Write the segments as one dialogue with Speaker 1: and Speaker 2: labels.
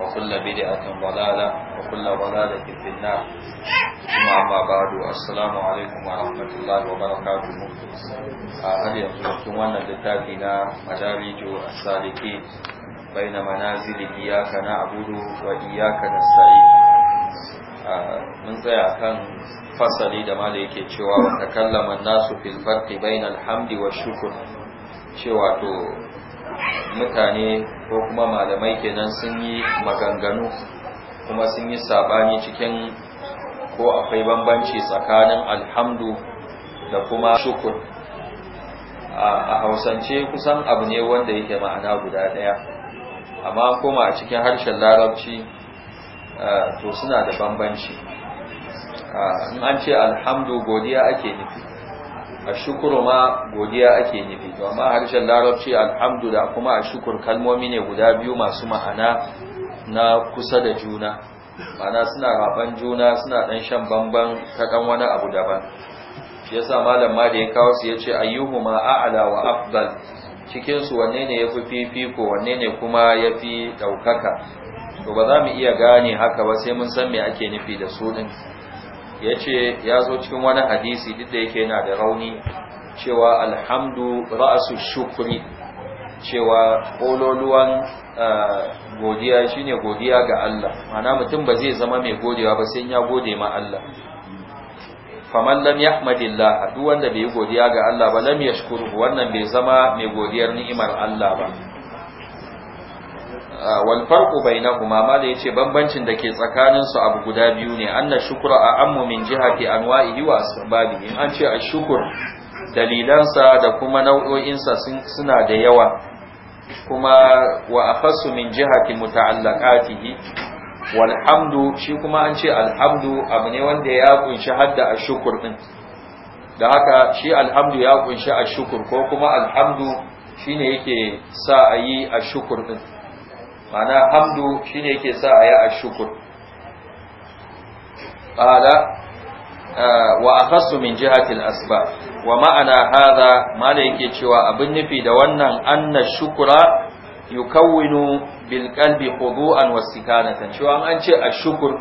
Speaker 1: وكل بدعة ضلالة وكل ضلالة في النار ثم أما بعد السلام عليكم ورحمة الله وبركاته هل يمكنكم أن لتابنا مدارج السالكين بين منازل إياك نعبد وإياك نستعين mun tsaya kan fasali da mala yake cewa wa takallama nasu fil farqi bainal hamdi wa shukr cewa to mutane ko kuma malamai kenan sun yi maganganu kuma sun yi sabani cikin ko akwai bambanci tsakanin alhamdu da kuma shukur a hausance kusan abu ne wanda yake ma'ana guda daya amma kuma a cikin harshen larabci to suna da bambanci in an ce alhamdu godiya ake nufi A ashukuru ma godiya ake nufi to amma harshen larabci alhamdu da kuma a ashukur kalmomi ne guda biyu masu ma'ana na kusa da juna ma'ana suna raban juna suna ɗan shan bamban ta dan wani abu daban shi yasa malam ma da ya kawo su yace ma a'la wa afdal cikin su wanne ne yafi fifiko wanne ne kuma yafi daukaka to ba za mu iya gane haka ba sai mun san me ake nufi da su din ya ce ya zo cikin wani hadisi duk da yake yana da rauni cewa alhamdu ra'asu shukri cewa ƙololuwan godiya shine godiya ga Allah mana mutum ba zai zama mai godewa ba sai ya gode ma Allah faman lam yahmadillah duk wanda bai godiya ga Allah ba lam yashkuru wannan bai zama mai godiyar ni'imar Allah ba wal farqu bainahuma ma da yace bambancin da ke tsakaninsu su abu guda biyu ne anna shukra a ammu min jihati anwa'ihi wa asbabihi in an ce ashkur dalilansa da kuma nau'o'insa suna da yawa kuma wa akhassu min jihati muta'allaqatihi walhamdu shi kuma an ce alhamdu abu ne wanda ya kunshi hadda a shukur din da haka shi alhamdu ya kunshi a shukur ko kuma alhamdu shine yake sa ayi yi a shukur din ma'ana hamdu shine yake sa a yi ashukur qala ah, wa akhassu min jihati al wa ma'ana hadha mala yake cewa abin nufi da wannan anna shukura yukawwinu bil qalbi khudu'an wastikanatan cewa an ce ashukur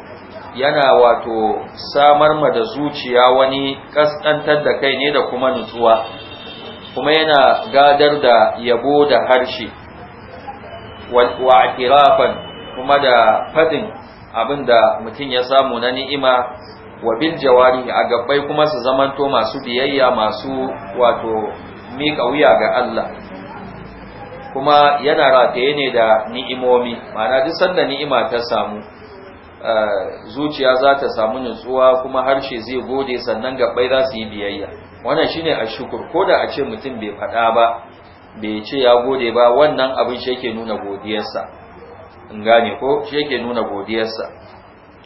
Speaker 1: yana wato samar ma da zuciya wani kaskantar da kai ne da kuma nutsuwa kuma yana gadar da yabo da harshe wa atirafan kuma da fadin abinda mutum ya samu na ni'ima wa bil jawari, a gabbai kuma su zamanto masu biyayya masu wato miƙa wuya ga Allah kuma yana rataye ne da ni'imomi ma'ana duk sanda ni'ima ta samu eh, zuciya za ta samu nutsuwa kuma harshe zai gode sannan gabbai za su yi biyayya wannan shine ashukur ko da a ce mutum bai faɗa ba bai ce ya gode ba wannan abin shi yake nuna godiyarsa in gane ko shi yake nuna godiyarsa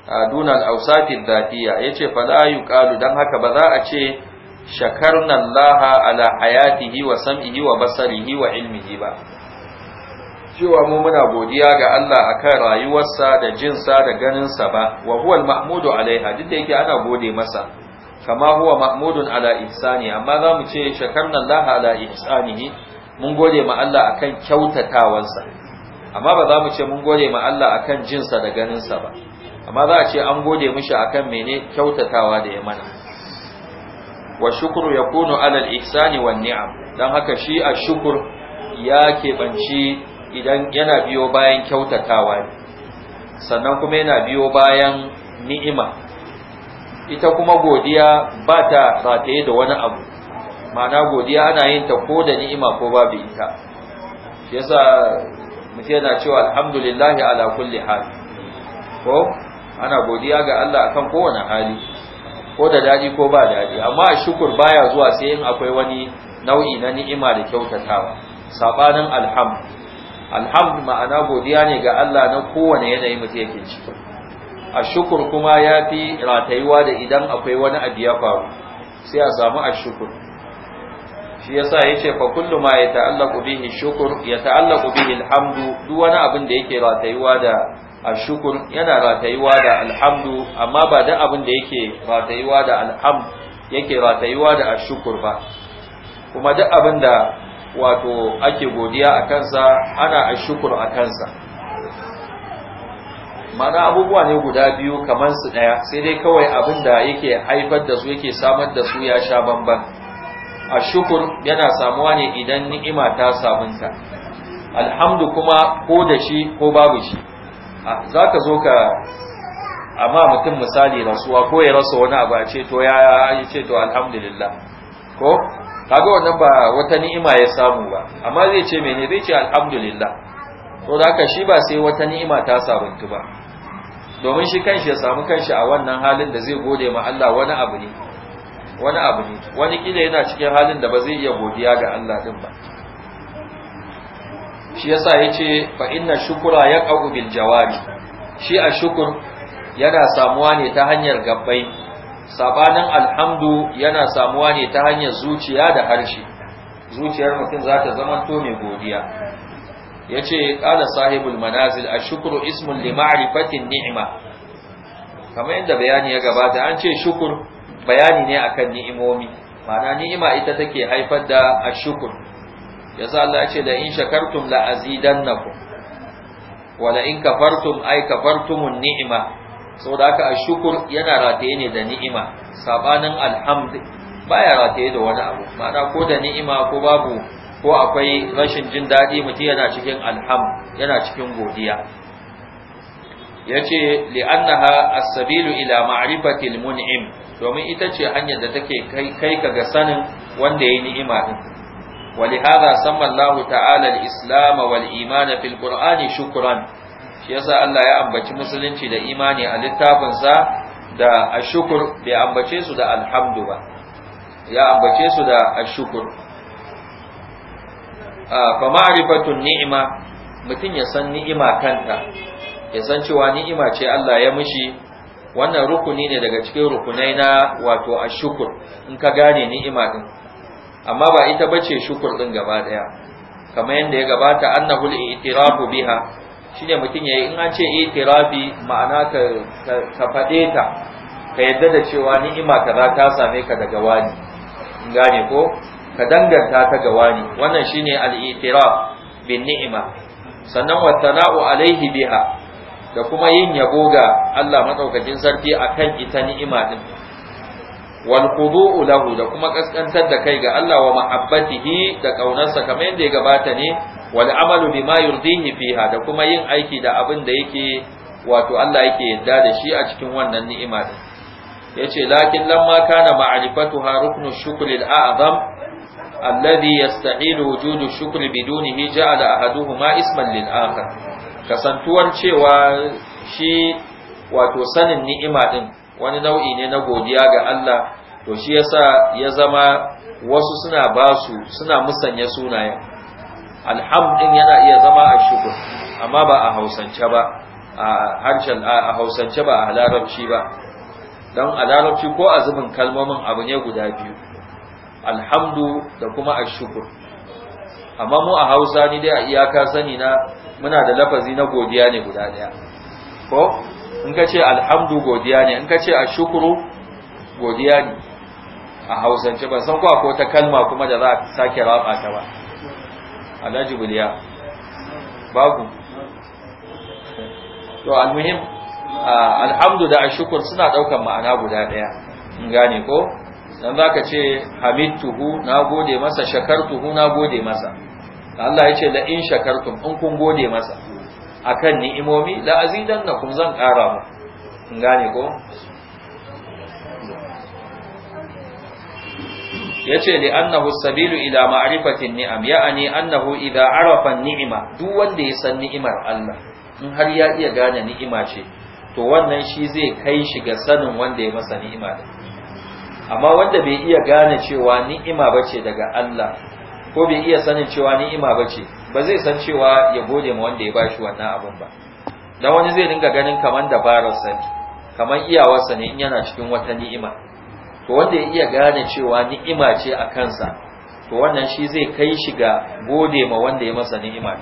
Speaker 1: a dunan ausafin zafiya ya ce fala yi don haka ba za a ce shakarna Allaha ala hayatihi wa sam'ihi wa basarihi wa ilmihi ba cewa mu muna godiya ga Allah akan rayuwarsa da jinsa da ganinsa ba wa huwa mahmudu alaiha duk da yake ana gode masa kama huwa mahmudun ala ihsani amma za mu ce shakarna Allaha ala ihsanihi mun gode ma Allah akan kyautatawansa amma ba za mu ce mun gode ma Allah akan jinsa da ganinsa ba amma za a ce an gode mishi akan mene kyautatawa da ya mana wa shukru yakunu ala al-ihsani wan ni'am dan haka shi a shukur ya keɓanci idan yana biyo bayan kyautatawa sannan kuma yana biyo bayan ni'ima ita kuma godiya ba ta rataye da wani abu ma'ana godiya ana yin ta ko da ni'ima ko babu ita yasa mutum yana cewa alhamdulillahi ala kulli hal ko ana godiya ga Allah akan kowane hali ko da dadi ko ba dadi amma shukur baya zuwa sai in akwai wani nau'i na ni'ima da kyautatawa sabanin alham alham ma'ana godiya ne ga Allah na kowane yanayi mutum yake ciki a shukur kuma ya fi ratayuwa da idan akwai wani abu ya faru sai a samu a shi yasa yace fa kullu ma yata'allaqu bihi shukr yata'allaqu bihi alhamdu duk wani abin da yake ratayuwa da ashukur yana ratayuwa da alhamdu amma ba da abin da yake ratayuwa da alham yake ratayuwa da ashukur ba kuma duk abin da wato ake godiya a kansa ana ashukur a kansa mana abubuwa ne guda biyu kamar su daya sai dai kawai abin da yake haifar da su yake samar da su ya sha bambam. ashukur yana samuwa ne idan ni'ima ta sabunta alhamdu kuma ko da shi ko babu shi ah, za ka zo ka amma mutum misali rasuwa ko ya rasa wani abu a ce to ya yi ce to alhamdulillah ko kaga wannan ba wata ni'ima ya samu ba amma zai ce mene zai ce alhamdulillah to da haka shi ba sai wata ni'ima ta sabuntu ba domin shi kanshi ya samu kanshi a wannan halin da zai gode ma Allah wani abu ne wani abu ne wani kila yana cikin halin da ba zai iya godiya ga Allah din ba shi yasa yace fa inna shukura yaqau bil jawari shi a shukur yana samuwa ne ta hanyar gabbai sabanin alhamdu yana samuwa ne ta hanyar zuciya da harshe zuciyar mutum za ta zama to mai godiya yace qala sahibul manazil a shukuru ismun li ma'rifati ni'ma kamar yadda bayani ya gabata an ce shukur bayani ne akan ni'imomi ma'ana ni'ima ita take haifar da ashukur yasa Allah ya ce la in shakartum la azidannakum wa la in kafartum ay kafartumun ni'ima saboda haka ashukur yana rataye ne da ni'ima sabanin alhamd baya rataye da wani abu ma'ana ko da ni'ima ko babu ko akwai rashin jin daɗi mutum yana cikin alham yana cikin godiya yace li'annaha as-sabilu ila ma'rifatil mun'im domin ita ce hanyar da take kai kai ka ga sanin wanda yayi ni'ima din saman lahu الله تعالى الإسلام fil في shukran. شكرا yasa Allah ya ambaci musulunci da imani a littafinsa da ashukur bai ambace su da alhamdu ba ya ambace su da ashukur ah, fa ma'rifatun ni'ima mutum ya san ni'ima kanta ya san cewa ni'ima ce Allah ya mishi wannan rukuni ne daga cikin rukunai na wato ashukur in ka gane ni'ima din amma ba ita bace shukur din gaba daya kamar yadda ya gabata annahul i'tirafu biha shine mutum yayi in an ce i'tirafi ma'ana ka ka fade ta ka yadda da cewa ni'ima kaza ta same ka daga wani in gane ko ka danganta ta ga wani wannan shine al-i'tiraf bin ni'ima sannan wa alaihi biha da kuma yin yabo ga Allah matsaukakin sarki akan ita ni'ima din wal khudu'u lahu da kuma kaskantar da kai ga Allah wa mahabbatihi da kaunarsa kamar yadda ya gabata ne wal amalu bima yurdihi fiha da kuma yin aiki da abin da yake wato Allah yake yarda da shi a cikin wannan ni'ima din
Speaker 2: yace lakin lamma kana
Speaker 1: ma'rifatuha ruknu shukri al-a'zam alladhi yasta'ilu wujudu shukri bidunihi ja'ala ahaduhuma isman lil akhar kasantuwar cewa shi wato sanin ni'ima din wani nau'i ne na godiya ga Allah to shi yasa ya zama wasu suna basu suna musanya sunayen alhamdin yana iya zama a shukur amma ba a hausance ba a harshen a hausance ba a larabci ba don a larabci ko a zubin kalmomin abu ne guda biyu alhamdu da kuma a shukur amma mu a hausa ni dai a iyaka sani na muna da lafazi na godiya ne guda daya ko in ka ce alhamdu godiya ne in ka ce ashukuru godiya ne a hausance ban san ko akwai wata kalma kuma da za a sake raba ta ba alhaji buliya babu to almuhim alhamdu da ashukuru suna daukan ma'ana guda daya in gane ko dan zaka ce hamidtuhu nagode masa shakartuhu nagode masa Allah ya ce la in shakartum in kun gode masa akan ni'imomi la azidannakum zan ƙara mu kun gane ko yace li annahu sabilu ila ma'rifatin ni'am ya'ani annahu idza arafa ni'ima duk wanda ya san ni'imar Allah in har ya iya gane ni'ima ce to wannan shi zai kai shi ga sanin wanda ya masa ni'ima amma wanda bai iya gane cewa ni'ima bace daga Allah ko bai iya sanin cewa ni'ima ba ce ba zai san cewa ya gode ma wanda ya shi wannan abin ba dan wani zai dinga ganin kamar dabararsa ne kamar iyawarsa ne in yana cikin wata ni'ima to wanda ya iya gane cewa ni'ima ce a kansa to wannan shi zai kai shi ga gode ma wanda ya masa ni'ima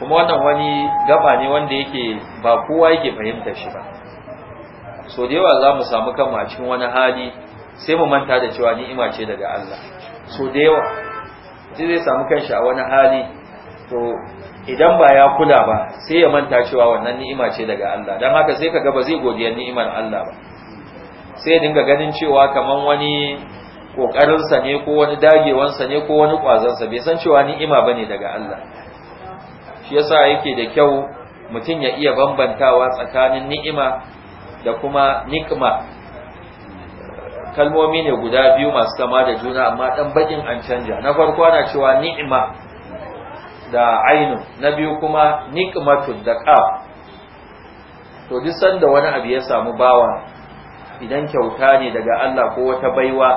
Speaker 1: kuma wannan wani gaba ne wanda yake ba kowa yake fahimtar shi ba so da yawa za mu samu kanmu a cikin wani hali sai mu manta da cewa ni'ima ce daga Allah so da yawa mutum zai samu shi a wani hali to idan ba ya kula ba sai ya manta cewa wannan ni'ima ce daga Allah dan haka sai kaga ba zai godiya ni'imar Allah ba sai dinga ganin cewa kaman wani sa ne ko wani dagewansa ne ko wani sa bai san cewa ni'ima bane daga Allah shi yasa yake da kyau mutum ya iya bambantawa tsakanin ni'ima da kuma nikma kalmomi ne guda biyu masu kama da juna amma dan bakin an canja na farko ana cewa ni'ima da ainu na biyu kuma niimatu da qaf to duk sanda wani abu ya samu bawa idan kyauta ne daga Allah ko wata baiwa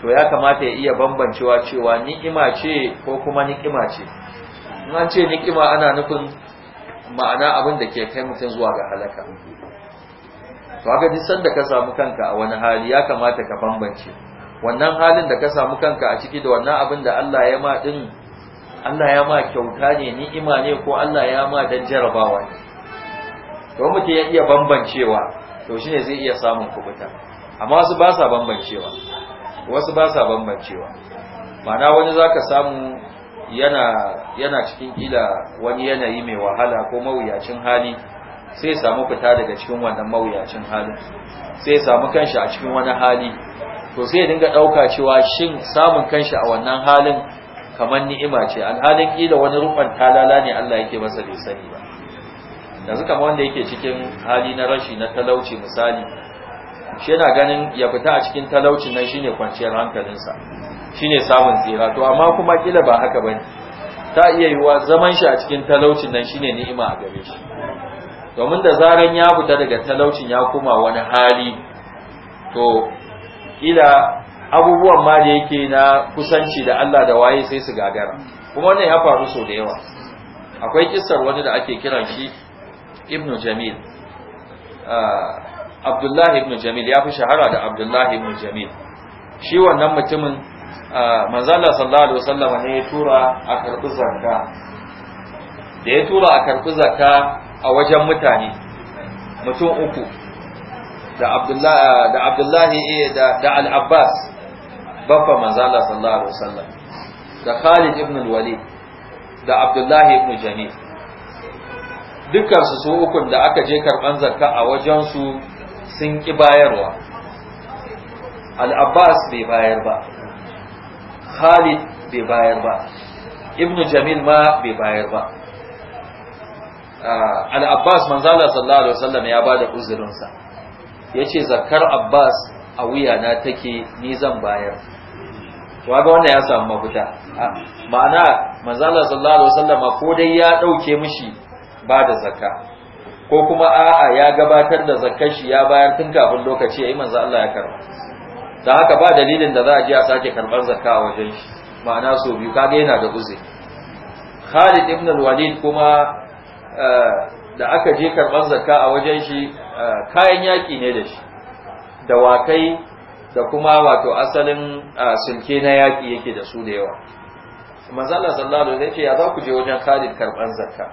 Speaker 1: to ya kamata ya iya bambancewa cewa ni'ima ce ko kuma ni'ima ce in an ce ni'ima ana nufin ma'ana abin da ke kai mutum zuwa ga halaka to haka duk sanda ka samu kanka a wani hali ya kamata ka bambance wannan halin da ka samu kanka a ciki da wannan abin da Allah ya ma din Allah ya ma kyauta ne ni'ima ne ko Allah ya ma dan jarabawa ne to mutum ya iya bambancewa to shine zai iya samun kubuta amma wasu ba sa bambancewa wasu ba sa bambancewa ma'ana wani zaka samu yana yana cikin kila wani yanayi mai wahala ko mawuyacin hali sai ya samu fita daga cikin wannan mawuyacin halin sai ya samu kanshi a cikin wani hali to sai ya dinga ɗauka cewa shin samun kanshi a wannan halin kamar ni'ima ce alhalin kila wani rufan talala ne Allah yake masa bai sani ba yanzu kamar wanda yake cikin hali na rashi na talauci misali shi yana ganin ya fita a cikin talaucin nan shine kwanciyar hankalinsa shine samun tsira to amma kuma kila ba haka bane ta iya yiwuwa zaman shi a cikin talaucin nan shine ni'ima a gare shi domin da zaran ya fita daga talaucin ya koma wani hali to ila abubuwan ma da yake na kusanci da Allah da waye sai su gagara kuma wannan ya faru sau da yawa akwai kissar wani da ake kiran shi Ibn jamil ah, abdullahi Ibn jamil ya fi shahara da abdullahi Ibn jamil shi wannan mutumin ah, manzala sallallahu alaihi wasallam ne ya tura a karbi zakka da ya tura a karbi zakka a wajen mutane mutum uku da abdullahi da eh, al-abbas babban manzala sallallahu alaihi wasallam da khalid ibn al-walid da abdullahi ibn jami dukkansu su ukun da aka je karban zakka a wajensu sun ki bayarwa al-abbas bai bayar ba khalid bai bayar ba ibn jamil ma bai bayar ba al-abbas manzala sallallahu alaihi wasallam ya bada uzurinsa yace zakkar abbas a wuyana take ni zan bayar waga wannan ya samu mafita ma'ana manzala sallallahu alaihi wasallama ko dai ya ɗauke mishi ba da zakka ko kuma a'a ya gabatar da zakkar shi ya bayar tun kafin lokaci yayi manzo Allah ya karba dan haka ba dalilin da za a ji a sake karɓar zakka a wajen shi ma'ana so biyu kaga yana da uzuri Khalid ibn al-Walid kuma Eh, da aka je karɓar zakka a wajen shi eh, kayan yaƙi ne da shi Da dawakai da kuma wato asalin eh, sulke na yaƙi yake da su da yawa manzala sallallahu alaihi wasallam ya za ku je wajen Khalid karban zakka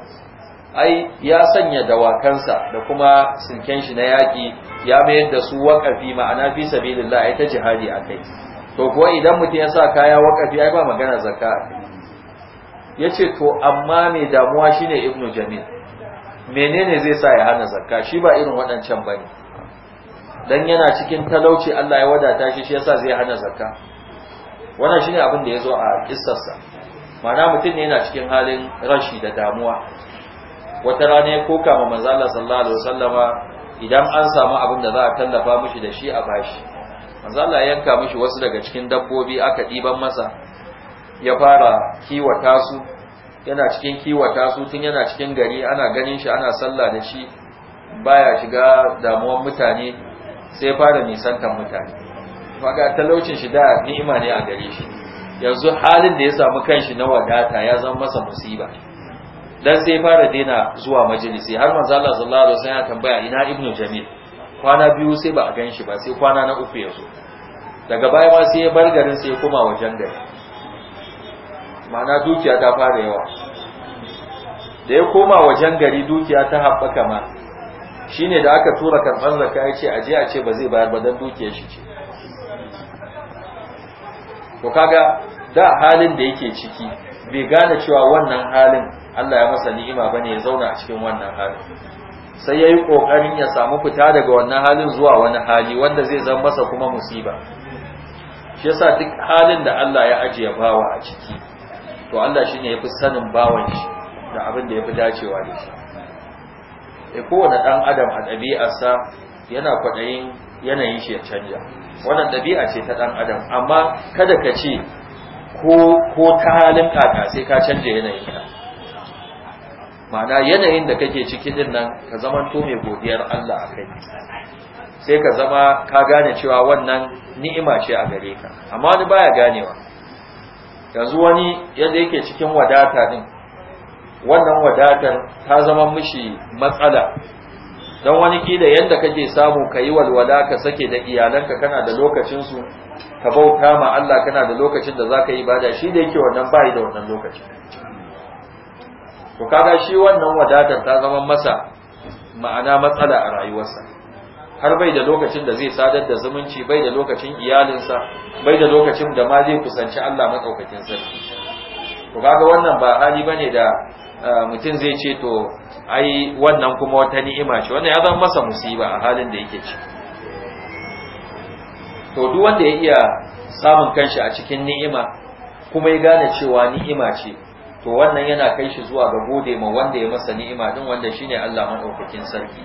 Speaker 1: ai ya sanya dawakansa da kuma silken shi na yaƙi, ya mayar da su waƙafi ma'ana fi sabilillah ai ta jihadi akai to kuwa idan mutum ya sa kaya waƙafi ai ba magana zakka Ya ce to amma mai damuwa shine ibnu jamil menene zai sa ya hana zakka shi ba irin waɗancan ba ne. dan yana cikin talauci Allah ya wadata shi shi yasa zai hana zakka wannan ne abin da ya zo a kissarsa mana mutum ne yana cikin halin rashi da damuwa wata rana ya koka ma manzala sallallahu alaihi idan an samu abin da za a tallafa mishi da shi a bashi manzala ya yanka mishi wasu daga cikin dabbobi aka diban masa ya fara kiwata su yana cikin kiwata su tun yana cikin gari ana ganin shi ana sallah da shi baya shiga damuwan mutane sai fara nisantar mutane faga talaucin shi da ni'ima ne a gare shi yanzu halin da ya samu kanshi na wadata ya zama masa musiba dan sai fara daina zuwa majalisi har manzo Allah sallallahu alaihi wasallam ya tambaya ina ibnu jamil kwana biyu sai ba a ganshi ba sai kwana na uku yazo daga baya ma sai ya bar garin sai ya koma wajen gari ma'ana dukiya ta fara yawa da ya koma wajen gari dukiya ta haɓaka ma Shi ne da aka tura karɓar zaka ya ce aje a ce ba zai bayar ba don dukiyar shi ce to kaga da halin da yake ciki bai gane cewa wannan halin Allah ya masa ni'ima ba ne ya zauna a cikin wannan halin sai ya yi ƙoƙarin ya samu fita daga wannan halin zuwa wani hali wanda zai zama masa kuma musiba shi yasa duk halin da Allah ya ajiye bawa a ciki to Allah shi ne ya fi sanin bawan shi da abin da ya fi dacewa da shi e kowane ɗan adam a ɗabi'arsa yana kwaɗayin yanayin shi ya canja wannan ɗabi'a ce ta ɗan adam amma kada ka ce ko ta halin kaka sai ka canja yanayin ka ma'ana yanayin da kake ciki din nan ka zama to mai godiyar Allah a kai
Speaker 2: sai ka zama
Speaker 1: ka gane cewa wannan ni'ima ce a gare ka amma wani baya ganewa yanzu wani yadda yake cikin wadata din wannan wadatar ta zama mishi matsala don wani kila yadda kake samu ka yi walwala ka sake da iyalanka kana da lokacinsu ka bauta ma Allah kana da lokacin da za ka yi bada shi da yake wannan bayi da wannan lokacin to kaga shi wannan wadatar ta zama masa ma'ana matsala a rayuwarsa har bai da lokacin da zai sadar da zumunci bai da lokacin iyalinsa bai da lokacin da ma zai kusanci Allah maɗaukakin sarki to kaga wannan ba hali bane da eh, mutum zai ce to ai wannan kuma wata ni'ima ce wannan ya zan masa musiba a halin da yake ci to duk wanda ya iya samun kanshi a cikin ni'ima kuma ya gane cewa ni'ima ce to wannan yana kai shi zuwa ga gode ma wanda ya masa ni'ima din wanda shine Allah maɗaukakin sarki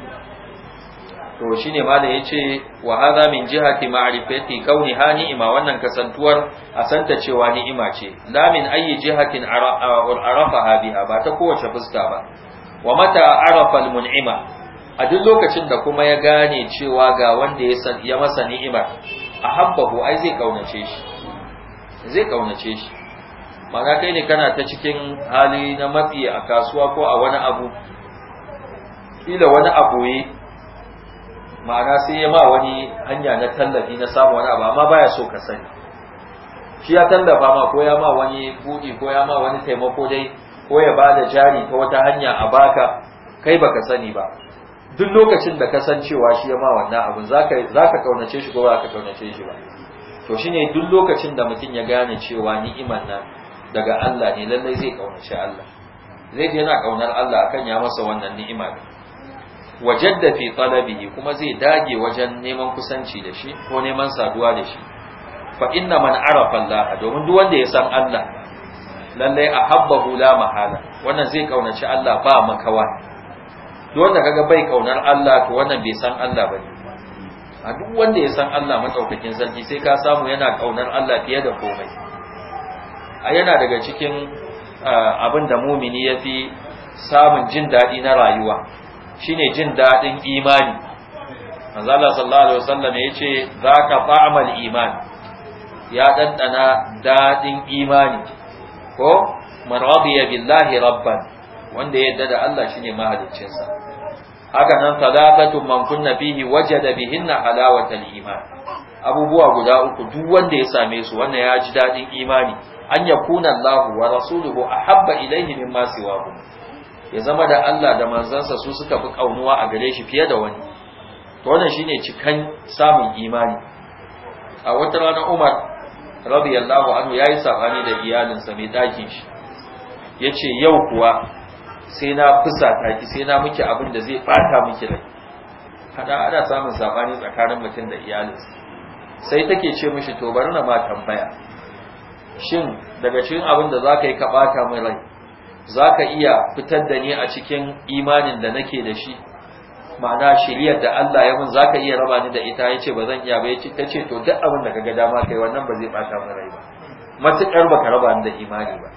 Speaker 1: to shine malam yace wa hadha min jihati ma'rifati kauniha ni'ima wannan kasantuwar a santa cewa ni'ima ce la min ayi jihatin arafa biha ba ta kowace fuska ba wa mata arafa al-mun'ima a duk lokacin da kuma ya gane cewa ga wanda ya san ya masa ni'imar ahabbahu ai zai kaunace shi zai kaunace shi ma'ana kai ne kana ta cikin hali na matsi a kasuwa ko a wani abu kila wani abu ma'ana sai ya ma wani hanya na tallafi na samu wani abu amma baya so ka sani shi ya tallafa ma ko ya ma wani buɗi ko ya ma wani taimako dai ko ya ba da jari ta wata hanya a baka kai baka sani ba duk lokacin da ka san cewa shi ya ma wannan abin za ka kaunace shi ko ba ka kaunace shi ba to shine duk lokacin da mutum ya gane cewa ni'imar nan daga Allah ne lallai zai kaunace Allah zai yana kaunar Allah akan ya masa wannan ni'ima wajadda fi talabihi kuma zai dage wajen neman kusanci da shi ko neman saduwa da shi fa inna man arafa Allah domin duk wanda ya san Allah lallai ahabbahu la mahala wannan zai kaunaci Allah ba makawa duk wanda kaga bai kaunar Allah to wannan bai san Allah bane a duk wanda ya san Allah madaukakin sarki sai ka samu yana kaunar Allah fiye da komai a yana daga cikin ah, abin da mumini yafi samun jin daɗi na rayuwa shine jin daɗin imani manzala sallallahu alaihi wasallam ya ce za ka fa'amal iman ya ɗanɗana daɗin imani ko maradiya billahi rabban wanda ya yarda da Allah shine mahaliccinsa haka nan sadaqatu man kunna fihi wajada bihinna halawatal iman abubuwa guda uku duk wanda ya same su wannan ya ji daɗin imani an yakuna Allahu wa rasuluhu ahabba ilayhi mimma siwahu ya zama da Allah da manzansa su suka fi kaunuwa a gare shi fiye da wani to wannan shine cikan samun imani a wata rana Umar radiyallahu anhu yi sabani da iyalinsa mai dakin shi yace yau kuwa sai na ta ki sai na miki abin da zai fata miki rai kada ana samun sabani tsakanin mutum da iyalinsa sai take ce mishi to bari na ma tambaya shin daga cikin abin da zaka yi ka bata mai rai za ka iya fitar da ni a cikin imanin da nake da shi ma'ana shiriyar da Allah ya mun za ka iya raba ni da ita ya ce ba zan iya ba ya ce ta ce to duk abin da ka ga dama kai wannan ba zai ɓata mana rai ba matuƙar ba ka raba ni da imani ba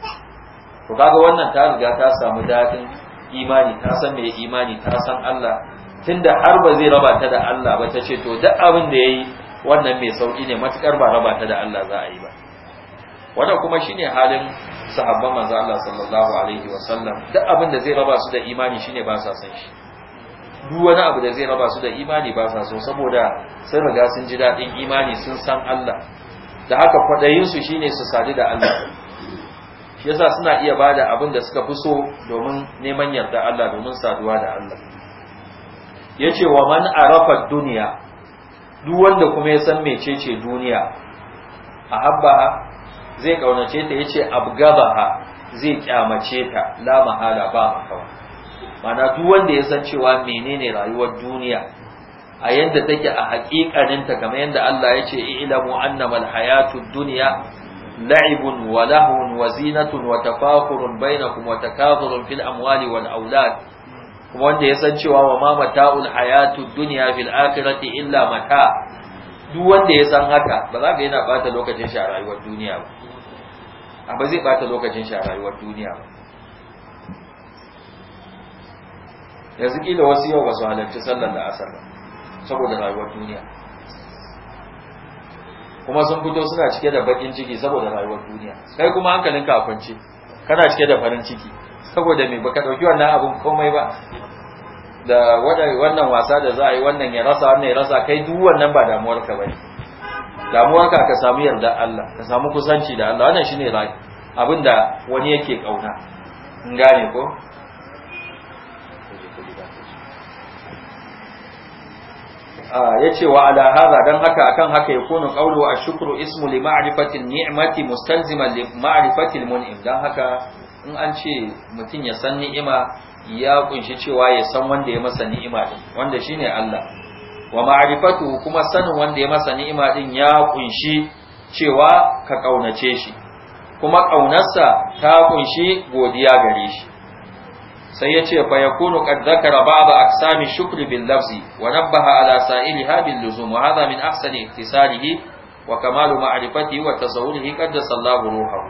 Speaker 1: to kaga wannan ta riga ta samu daɗin imani ta san me imani ta san Allah tunda har ba zai raba ta da Allah ba ta ce to duk abin da yayi wannan mai sauki ne matuƙar ba raba ta da Allah za a yi ba wannan kuma shine halin sahabban manzo Allah sallallahu alaihi wasallam duk abin da zai raba su da imani shine ba sa san shi duk wani abu da zai raba su da imani ba sa so saboda sun riga sun ji daɗin imani sun san Allah da haka kwadayin shi ne su sadu da Allah shi yasa suna iya bada abin da suka fi so domin neman yarda Allah domin saduwa da Allah ya ce wa man arafa duniya duk wanda kuma ya san mecece duniya a habba zai kaunace ta yace abgabaha zai kyamace ta la mahala ba makawa mana duk wanda ya san cewa menene rayuwar duniya a yadda take a hakikanin ta kamar yanda Allah ce ilamu annamal hayatud dunya la'ibun wa lahun wa zinatun wa tafakurun bainakum wa takathurun fil amwali wal aulad kuma wanda ya san cewa wa ma mata'ul hayatud dunya fil akhirati illa mata' duk wanda ya san haka ba za ka yana bata lokacin shi a rayuwar duniya ba a ba zai bata lokacin shi a rayuwar duniya ba yanzu kila wasu yau ba su halarci sallar da asar ba saboda rayuwar duniya kuma sun fito suna cike da bakin ciki saboda rayuwar duniya kai kuma hankalinka a kwance kana cike da farin ciki saboda me baka dauki wannan abun komai ba da wannan wasa da za a yi wannan ya rasa wannan ya rasa kai duk wannan ba damuwarka ba ne damuwarka ka samu yarda Allah ka samu kusanci da Allah wannan shine rai abin da wani yake kauna in gane ko ya ce wa ala hada dan haka akan haka ya kaulu qawlu ashkuru ismu li ma'rifati ni'mati mustalziman li ma'rifati mun'im dan haka in an ce mutum ya san ni'ima ya kunshi cewa ya san wanda ya masa ni'ima din wanda shine Allah wa ma'rifatu kuma sanin wanda ya masa ni'ima din ya kunshi cewa ka kaunace shi kuma kaunarsa ta kunshi godiya gare shi sai ya ce fa yakunu qad dhakara ba'd aqsami shukri bil lafzi wa nabbaha ala sa'iliha bil luzum wa hadha min ahsani iktisalihi wa kamalu ma'rifatihi wa tasawwurihi qaddasa Allahu ruhahu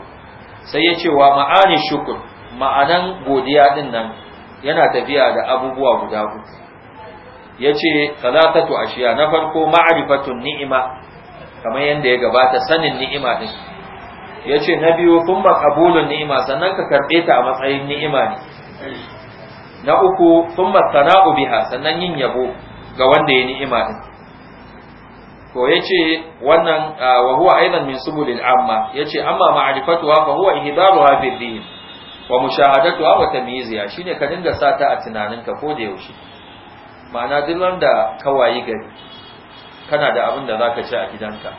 Speaker 1: sai ya ce wa ma'ani shukr ma'anan godiya din nan yana tafiya da abubuwa guda uku yace salatatu ashiya na farko ma'arifatun ni'ima kamar yanda ya gabata sanin ni'ima din yace na biyu ba qabulun ni'ima sannan ka karbe ta a matsayin ni'ima ne na uku kun ba sana'u biha sannan yin yabo ga wanda ya ni'ima din to yace wannan ah, wa huwa aidan min subulil amma yace amma ma'rifatuha fa huwa ihdaruha bil din wa mushahadatu wa tamyiziha shine ka dinga sata a tunaninka ko da yaushe ma'ana duk wanda ka wayi gari kana da abin da zaka ci a gidanka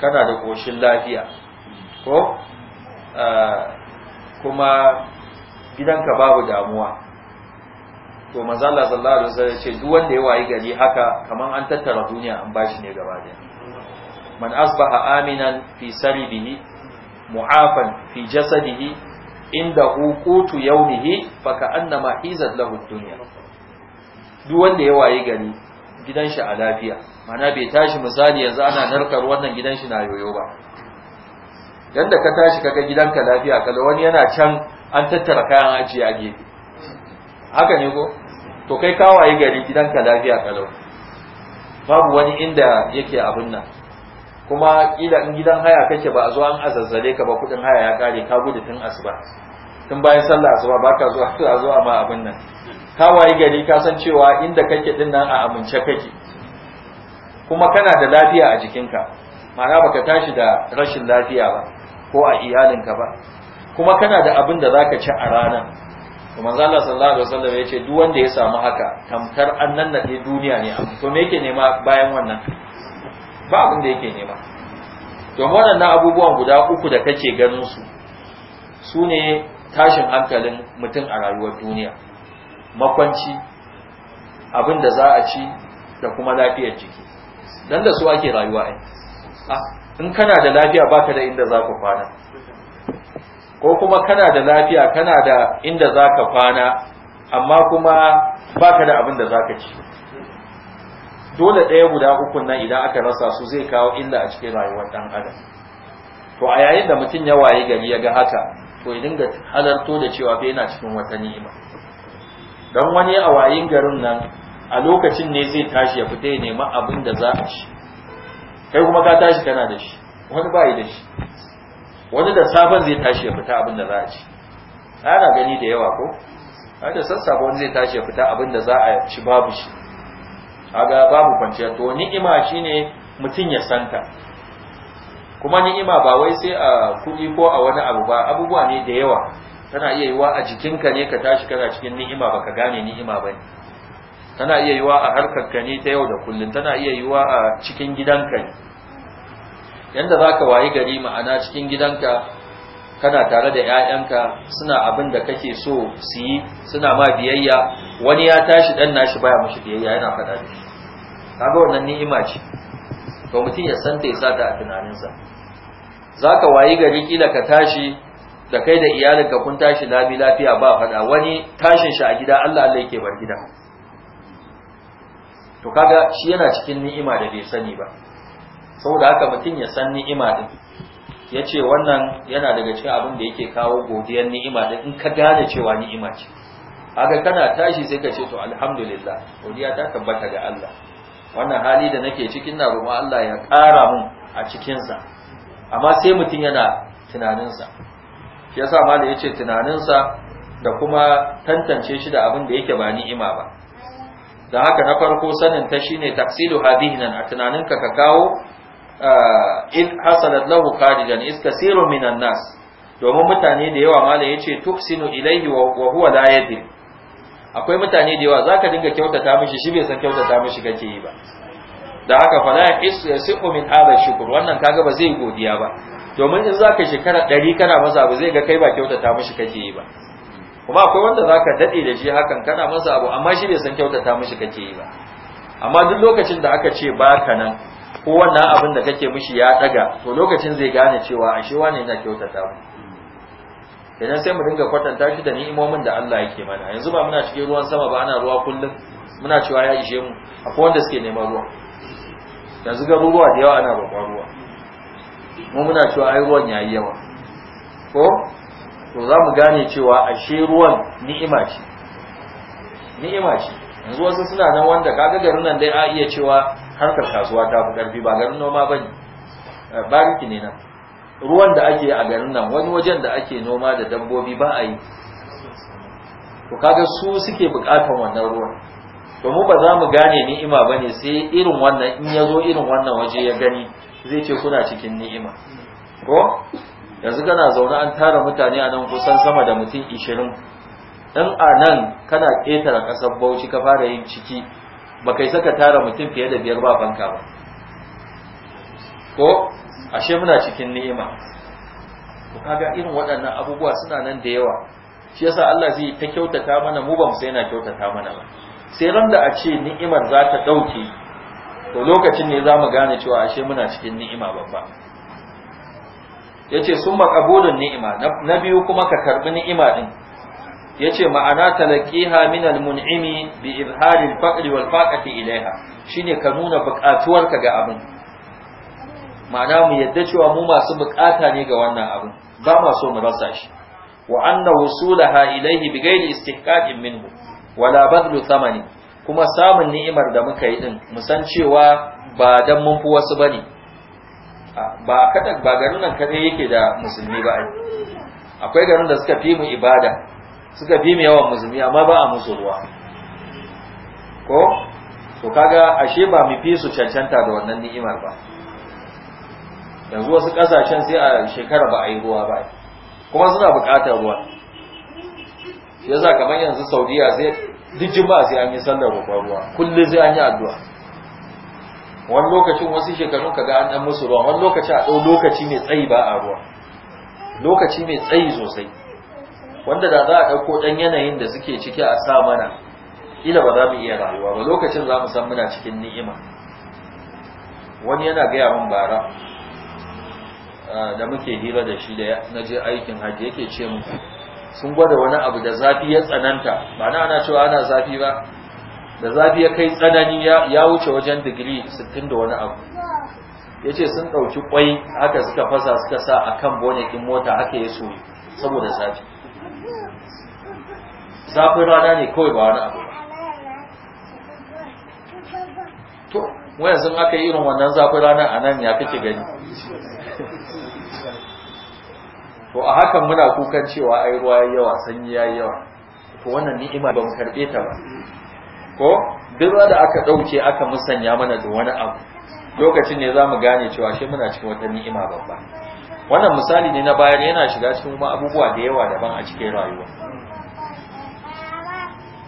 Speaker 1: kana da koshin lafiya ko eh, kuma gidanka babu damuwa to manzo Allah sallallahu alaihi wasallam ce duk wanda ya wayi gari haka kaman an tattara duniya an bashi ne gaba daya man asbaha aminan fi saribihi mu'afan fi jasadihi inda hukutu yaunihi faka annama hizat lahu dunya duk wanda ya waye gari gidan shi a lafiya mana bai tashi misali yanzu ana narkar wannan gidan shi na yoyo ba dan da ka tashi kaga gidanka lafiya kala wani yana can an tattara kayan ajiye a gefe haka ne ko to kai ka waye gari gidanka lafiya kalau babu wani inda yake abin nan kuma kila in gidan haya kake ba a zo an azazzare ka ba kudin haya ya kare ka gudu tun asuba tun bayan sallah asuba baka zuwa ka zo ma abin nan ka waye gari ka san cewa inda kake din nan a amince kake kuma kana da lafiya a jikinka ma'ana baka tashi da rashin lafiya ba ko a iyalinka ba kuma kana da abin da zaka ci a ranar to manzo Allah sallallahu alaihi wasallam yace duk wanda ya samu haka tamkar an nannade duniya ne to me yake nema bayan wannan ba abin da yake nema domin waɗannan abubuwan guda uku da kake ganin su su ne tashin hankalin mutum a rayuwar duniya makwanci abin da za a ci da kuma lafiyar jiki don da su ake rayuwa ai in kana da lafiya baka da inda za ku kwana ko kuma kana da lafiya kana da inda za ka kwana amma kuma baka da abin da za ka ci dole ɗaya guda ukun nan idan aka rasa su zai kawo illa a cikin rayuwar ɗan adam to a yayin da mutum ya waye gari ya ga haka to ya dinga halarto da cewa bai yana cikin wata ni'ima don wani a wayin garin nan a lokacin ne zai tashi ya fita ya nemi abin da za a shi kai kuma ka tashi kana da shi wani ba da shi wani da safen zai tashi ya fita abin da za a ci ana gani da yawa ko har da sassafe wani zai tashi ya fita abin da za a ci babu shi Aga babu kwanciya to ni'ima shine mutum ya santa kuma ni'ima ba wai sai a kuɗi ko a wani abu ba abubuwa ne da yawa tana iya yiwa a jikinka ne ka tashi kana cikin ni'ima baka gane ni'ima bane tana iya yiwa a harkarka ne ta yau da kullum tana iya yiwa a cikin gidanka ne yanda zaka wayi gari ma'ana cikin gidanka kana tare da 'ya'yanka suna abin da kake so su yi suna ma biyayya wani ya tashi dan nashi baya mashi biyayya yana faɗa da shi kaga wannan ni'ima ce to mutum ya santa ya sata a tunaninsa zaka wayi gari kila ka tashi da kai da iyalinka kun tashi labi lafiya ba faɗa wani tashin shi a gida Allah Allah yake bar gida to kaga shi yana cikin ni'ima da bai sani ba saboda haka mutum ya san ni'ima din ya ce wannan yana daga cikin abin da yake kawo godiyar ni'ima da in ka gane cewa ni'ima ce haka kana tashi sai ka ce to alhamdulillah godiya ta tabbata ga Allah wannan hali da nake cikin na roƙon Allah ya ƙara mun a cikinsa amma sai mutum yana tunaninsa shi yasa ma da yace tunaninsa da kuma tantance shi da abin da yake ba ni'ima ba dan haka na farko sanin ta shine tafsilu hadihin nan a tunaninka ka kawo in hasalat lahu kadijan is kasiru minan nas domin mutane da yawa malam yace tuksinu ilayhi wa huwa la akwai mutane da yawa zaka dinga kyautata mishi shi bai san kyautata mishi kake yi ba da haka yasu yasu min hada shukr wannan kaga ba zai godiya ba domin in zaka shekara 100 kana masa abu zai ga kai ba kyautata mishi kake yi ba kuma akwai wanda zaka dade da shi hakan kana masa abu amma shi bai san kyautata mishi kake yi ba amma duk lokacin da aka ce ba ka nan ko wannan abin da kake mishi ya daga to lokacin zai gane cewa ashe wane yana kyautata mu idan sai mu dinga kwatanta shi da ni'imomin da Allah yake mana yanzu ba muna cikin ruwan sama ba ana ruwa kullum muna cewa ya ishe mu akwai wanda suke neman ruwa yanzu garuruwa da yawa ana roƙon ruwa mu muna cewa ai ruwan yayi yawa ko to za mu gane cewa ashe ruwan ni'ima ce ni'ima ce yanzu wasu suna nan wanda kaga garin nan dai a iya cewa harkar kasuwa ta fi karfi ba garin noma bane eh, bariki ne nan ruwan da ake a garin nan wani wajen da ake noma da dabbobi ba a yi to kaga su suke bukatan wannan ruwan to mu ba za mu gane ni'ima bane sai irin wannan in ya zo irin wannan waje ya gani zai ce kuna cikin ni'ima ko yanzu kana zaune an tara mutane a nan kusan sama da mutum ishirin. Dan a nan kana ƙetare ƙasar bauchi ka fara yin ciki ba kai saka tara mutum fiye da biyar ba banka ba ko ashe muna cikin ni'ima to kaga irin waɗannan abubuwa suna nan da yawa shi yasa Allah zai ta kyautata mana mu ba mu sai na kyautata mana ba sai ran da a ce ni'imar za ta ɗauke to lokacin ne za mu gane cewa ashe muna cikin ni'ima babba ya ce sun maƙabulun ni'ima na biyu kuma ka karɓi ni'ima ɗin Ya ce ma'ana talaqiha min al-mun'imi bi ibhari al-faqr wal faqati ilaiha shine ka nuna ka ga abin ma'ana mu yadda cewa mu masu bukata ne ga wannan abin ba ma so mu rasa shi wa anna wusulaha ilaihi bi ghairi istihqaqin minhu wala badl thamani kuma samun ni'imar da muka yi din mu san cewa ba dan mun fi wasu bane ba kada ba garin nan kadai yake da musulmi ba ai akwai garin da suka fi mu ibada suka fi mai yawan musulmi amma ba a musu ruwa ko to kaga ashe ba mu fi su cancanta da wannan ni'imar ba yanzu wasu kasashen sai a shekara ba a yi ruwa ba kuma suna buƙatar ruwa shi yasa kamar yanzu saudiya sai duk juma'a sai an yi sallar babban ruwa kullum sai an yi addu'a wani lokacin wasu shekarun kaga an dan musu ruwa wani lokaci a ɗau lokaci mai tsayi ba a ruwa lokaci mai tsayi sosai wanda da za a ɗauko ɗan yanayin da suke ciki a sa mana ila ba za mu iya rayuwa ba lokacin za mu san muna cikin ni'ima wani yana gaya min bara da muke hira da shi da na je aikin hajji yake ce mu sun gwada wani abu da zafi ya tsananta ba na ana cewa ana zafi ba da zafi ya kai tsanani ya wuce wajen digiri 60 da wani abu ya ce sun ɗauki ƙwai haka suka fasa suka sa a kan ɗin mota haka ya soyi saboda zafi zafin rana ne kawai ba wani abu ba to waya sun aka yi irin wannan zafin rana a nan ya kake gani to a hakan muna kukan cewa ai ruwa yayi yawa sanyi yayi yawa to wannan ni'ima ba mu karbe ta ba ko duk da aka dauke aka musanya mana da wani abu lokacin ne zamu gane cewa shi muna cikin wata ni'ima babba wannan misali ne na bayan yana shiga cikin abubuwa da yawa daban a cikin rayuwa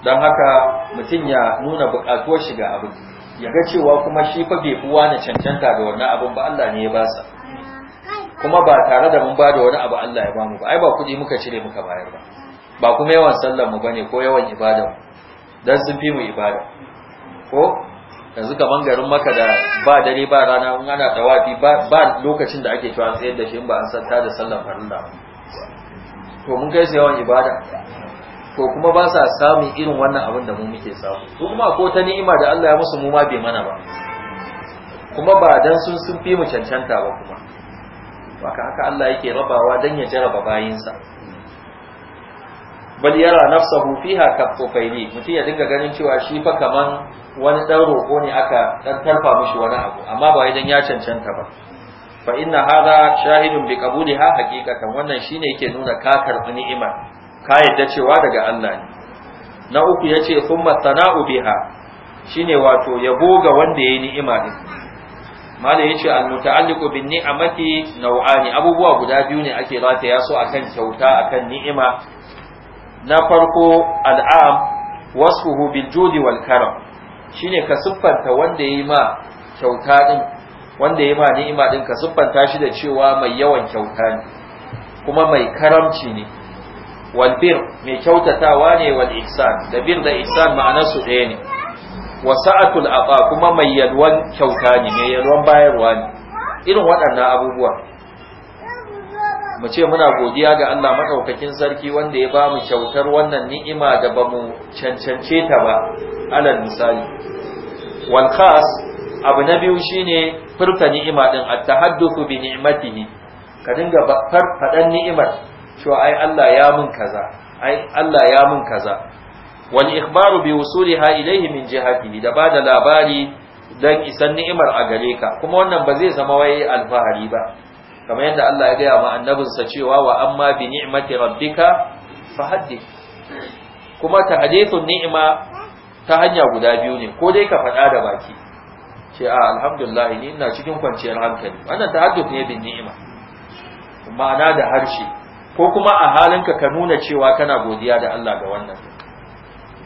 Speaker 1: don haka mutum ya nuna buƙatuwar shiga abu ya ga cewa kuma shi fa bai uwa na cancanta da wannan abin ba Allah ne ya ba sa kuma ba tare da mun ba da wani abu Allah ya ba mu ba ai ba kuɗi muka cire muka bayar ba ba kuma yawan sallar mu bane ko yawan ibada mu dan sun fi mu ibada ko yanzu kaman garin maka da ba dare ba rana in ana tawafi ba lokacin da ake cewa tsayar da shi in ba an santa da sallar farilla to mun kai su yawan ibada ko kuma ba sa samun irin wannan abin da mu muke samu ko kuma ko ta ni'ima da Allah ya musu mu ma bai mana ba kuma ba dan sun sun fi mu cancanta ba kuma haka haka Allah yake rabawa dan ya jaraba bayinsa bal yara nafsahu fiha kaffafaini mutum ya dinga ganin cewa shi fa kaman wani dan roko ne aka dan tarfa mishi wani abu amma ba wai dan ya cancanta ba fa inna hadha shahidun bi qabuliha haqiqatan wannan shine yake nuna kakar ni'imar ka yadda cewa daga Allah ne na uku ya ce thumma sana'u biha shine wato yabo ga wanda ya yi ni'ima din malai yace al muta'alliqu bin ni'amati nau'ani, abubuwa guda biyu ne ake rataya su akan kyauta akan ni'ima na farko al'am wasfuhu bil judi wal karam shine ka siffanta wanda ya yi ma kyauta din wanda yi ma ni'ima din ka siffanta shi da cewa mai yawan kyauta ne kuma mai karamci ne والبر bir mai kyautatawa ne wal دا da bir da ihsan ma'anar su ɗaya ne كوتاني من يدوان kuma mai yalwan kyauta ne mai yalwan bayarwa ne irin waɗannan abubuwa
Speaker 2: mu muna godiya ga Allah
Speaker 1: madaukakin sarki wanda ya bamu kyautar wannan ni'ima da bamu cancance ta ba alal misali wal khas abu na biyu shine furta ni'ima din at-tahaddathu bi ni'matihi ka dinga faɗan ni'imar cewa ai Allah ya mun kaza ai Allah ya mun kaza wal ikhbaru bi wusuliha ilayhi min jihatihi da da labari dan isan ni'imar a gare ka kuma wannan ba zai zama wai alfahari ba kamar yadda Allah ya gaya ma annabinsa cewa wa amma bi ni'mati rabbika fahaddith kuma tahdithun ni'ma ta hanya guda biyu ne ko dai ka faɗa da baki ce a ah, alhamdulillah ni ina cikin kwanciyar hankali wannan tahaddud ne bin ni'ima ma'ana da harshe ko kuma a halinka ka nuna cewa kana godiya da Allah ga wannan